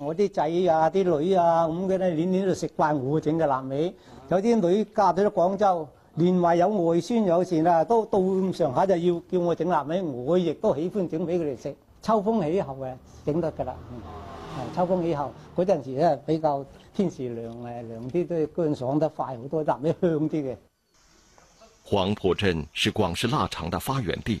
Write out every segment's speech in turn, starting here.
我啲仔啊、啲女啊咁嘅咧，年年都食慣我整嘅臘味。有啲女嫁咗喺廣州，連話有外孫，有錢啊都到咁上下就要叫我整臘味，我亦都喜歡整俾佢哋食。秋風起後啊，整得㗎啦、嗯。秋風起後，陣時咧，比較天時涼誒，涼啲都係乾爽得快好多，臘味香啲嘅。黃圃鎮，是廣式臘腸的發源地。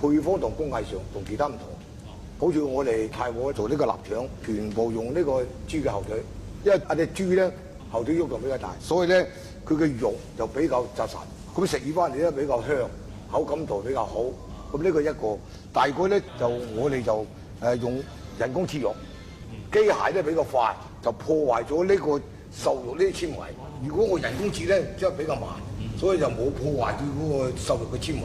配方同工藝上同其他唔同，好似我哋太和做呢個臘腸，全部用呢個豬嘅後腿，因為啊隻豬咧後腿喐動比較大，所以咧佢嘅肉就比較紮實，咁食完翻嚟咧比較香，口感度比較好。咁呢個一個，第二個咧就我哋就誒用人工切肉，機械咧比較快，就破壞咗呢個瘦肉呢啲纖維。如果我人工切咧，即係比較慢，所以就冇破壞到嗰個瘦肉嘅纖維。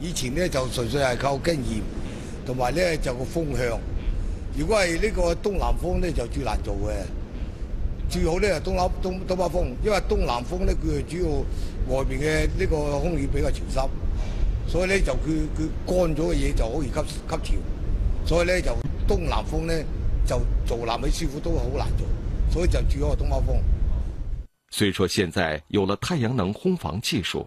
以前咧就純粹係靠經驗，同埋咧就個風向。如果係呢個東南風咧就最難做嘅，最好咧係東北東東北風，因為東南風咧佢係主要外面嘅呢個空氣比較潮濕，所以咧就佢佢乾咗嘅嘢就好易吸吸潮，所以咧就東南風咧就做臘味師傅都好難做，所以就最好係東北風。雖說現在有了太陽能烘房技術。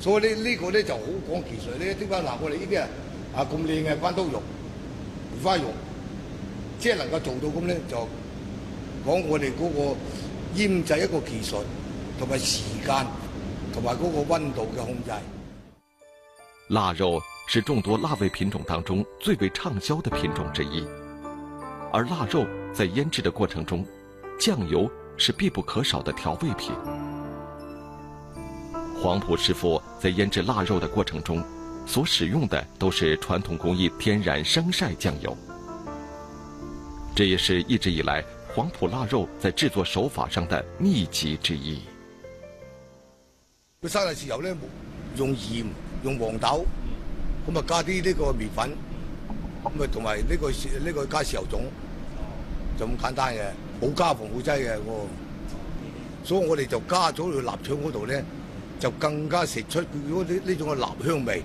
所以咧呢個咧就好講技術呢點解？嗱，我哋呢啲啊啊咁靚嘅關刀肉、梅花肉，即係能夠做到咁咧，就講我哋嗰個醃製一個技術，同埋時間，同埋嗰個温度嘅控制。臘肉是眾多臘味品種當中最為暢銷的品種之一，而臘肉在醃製的過程中，醬油是必不可少的調味品。黃圃師傅在醃製臘肉的過程中，所使用的都是傳統工藝天然生曬醬油。這也是一直以來黃圃臘肉在製作手法上的秘籍之一。佢、這個、生曬醬油咧，用鹽，用黃豆，咁啊加啲呢個麵粉，咁啊同埋呢個呢、呢個加豉油種，就咁簡單嘅，冇加防腐劑嘅、那個。所以我哋就加咗去臘腸嗰度咧。那個就更加食出佢 𠮶 啲呢種嘅臘香味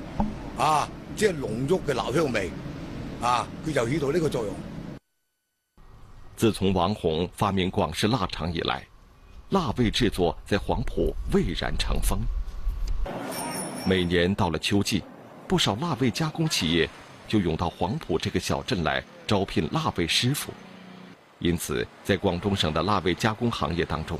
啊，即係濃郁嘅臘香味啊，佢就起到呢個作用。自從王洪發明廣式臘腸以來，臘味製作在黃圃蔚然成風。每年到了秋季，不少臘味加工企業就湧到黃圃這個小鎮來招聘臘味師傅。因此，在廣東省的臘味加工行業當中，